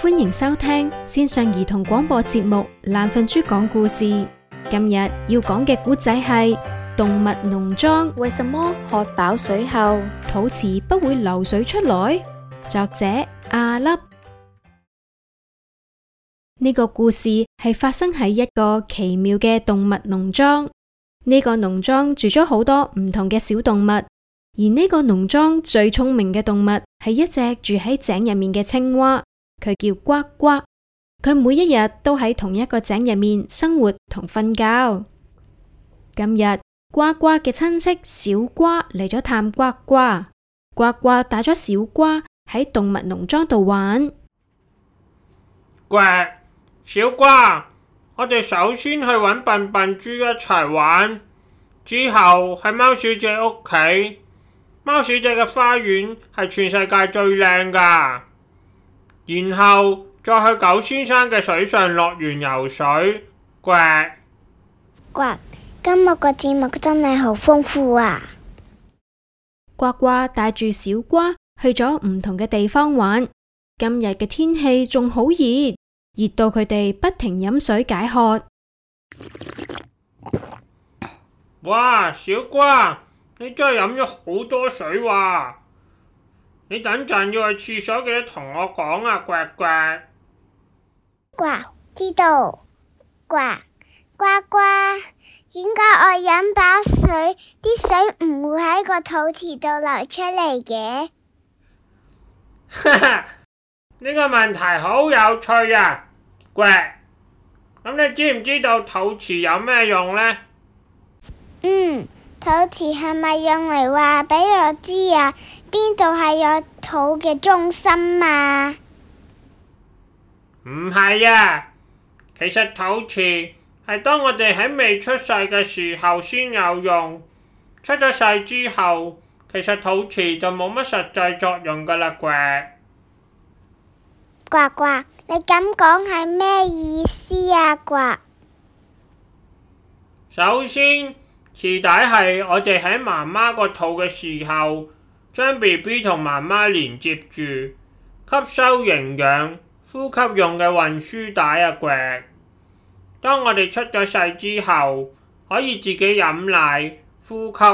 歡迎收聽線上兒童廣播節目《爛瞓豬講故事》。今日要講嘅古仔係《動物農莊》，為什麼喝飽水後肚臍不會流水出來？作者阿、啊、粒。呢個故事係發生喺一個奇妙嘅動物農莊。呢、這個農莊住咗好多唔同嘅小動物，而呢個農莊最聰明嘅動物係一隻住喺井入面嘅青蛙。佢叫呱呱，佢每一日都喺同一個井入面生活同瞓覺。今日呱呱嘅親戚小呱嚟咗探呱呱，呱呱帶咗小呱喺動物農莊度玩。呱，小呱，我哋首先去搵笨笨豬一齊玩，之後喺貓小姐屋企。貓小姐嘅花園係全世界最靚㗎。然後再去狗先生嘅水上樂園游水，呱呱今日個節目真係好豐富啊！呱呱帶住小呱去咗唔同嘅地方玩，今日嘅天氣仲好熱，熱到佢哋不停飲水解渴。哇，小呱，你真係飲咗好多水哇、啊！你等陣要去廁所，記得同我講啊，呱呱。呱，知道。呱，呱呱。點解我飲飽水，啲水唔會喺個肚臍度流出嚟嘅？哈哈，呢個問題好有趣啊，呱。咁你知唔知道肚臍有咩用呢？嗯。肚臍係咪用嚟話俾我知啊，邊度係我肚嘅中心啊？唔係啊，其實肚臍係當我哋喺未出世嘅時候先有用，出咗世之後，其實肚臍就冇乜實際作用噶啦，呱。呱呱，你咁講係咩意思啊？呱。首先。臍帶係我哋喺媽媽個肚嘅時候，將 BB 同媽媽連接住，吸收營養、呼吸用嘅運輸帶啊，呱。當我哋出咗世之後，可以自己飲奶、呼吸，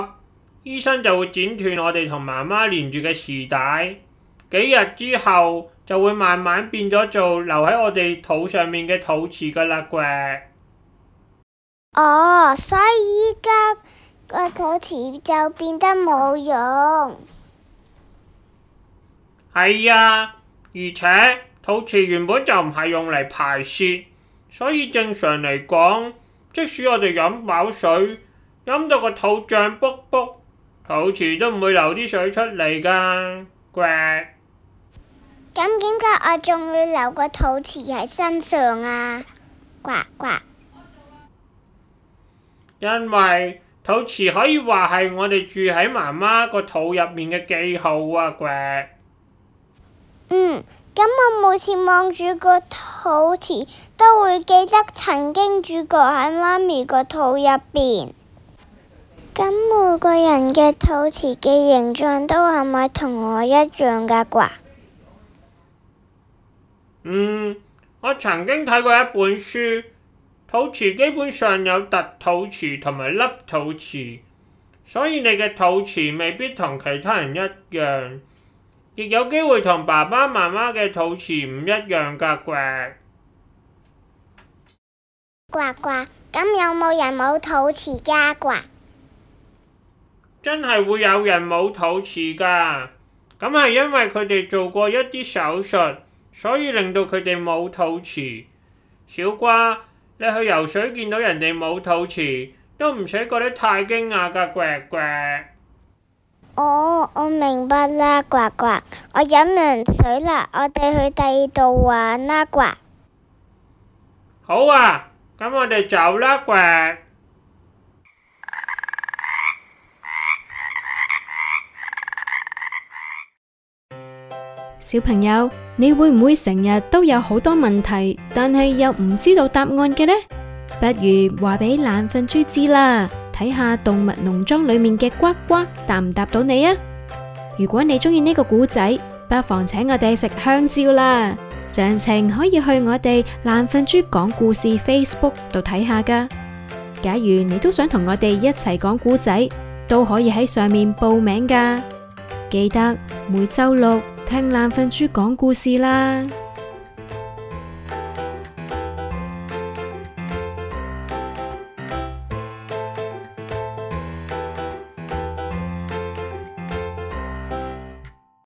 醫生就會剪斷我哋同媽媽連住嘅臍帶，幾日之後就會慢慢變咗做留喺我哋肚上面嘅肚臍噶啦，呱。哦，所以依家個肚臍就變得冇用。係啊，而且肚臍原本就唔係用嚟排泄，所以正常嚟講，即使我哋飲飽水，飲到個肚脹卜卜，肚臍都唔會流啲水出嚟㗎。咁點解我仲會留個肚臍喺身上啊？呱呱。因為肚臍可以話係我哋住喺媽媽個肚入面嘅記號啊，啩。嗯，咁我每次望住個肚臍，都會記得曾經住過喺媽咪個肚入邊。咁每個人嘅肚臍嘅形狀都係咪同我一樣噶啩？嗯，我曾經睇過一本書。肚臍基本上有凸肚臍同埋凹肚臍，所以你嘅肚臍未必同其他人一樣，亦有機會同爸爸媽媽嘅肚臍唔一樣㗎。呱呱，咁有冇人冇肚臍㗎？呱呱，真係會有人冇肚臍㗎，咁係因為佢哋做過一啲手術，所以令到佢哋冇肚臍。小呱。你去游水見到人哋冇肚臍，都唔使覺得太驚訝噶，呱呱。哦，我明白啦，呱呱。我飲完水啦，我哋去第二度玩啦，呱。好啊，咁、嗯、我哋走啦，呱。小朋友，你會唔會成日都有好多問題，但係又唔知道答案嘅呢？不如話俾懶瞓豬知啦，睇下動物農莊裏面嘅呱呱答唔答到你啊！如果你中意呢個古仔，不妨請我哋食香蕉啦。詳情可以去我哋懶瞓豬講故事 Facebook 度睇下噶。假如你都想同我哋一齊講古仔，都可以喺上面報名噶。記得每周六。聽懶瞓豬講故事啦！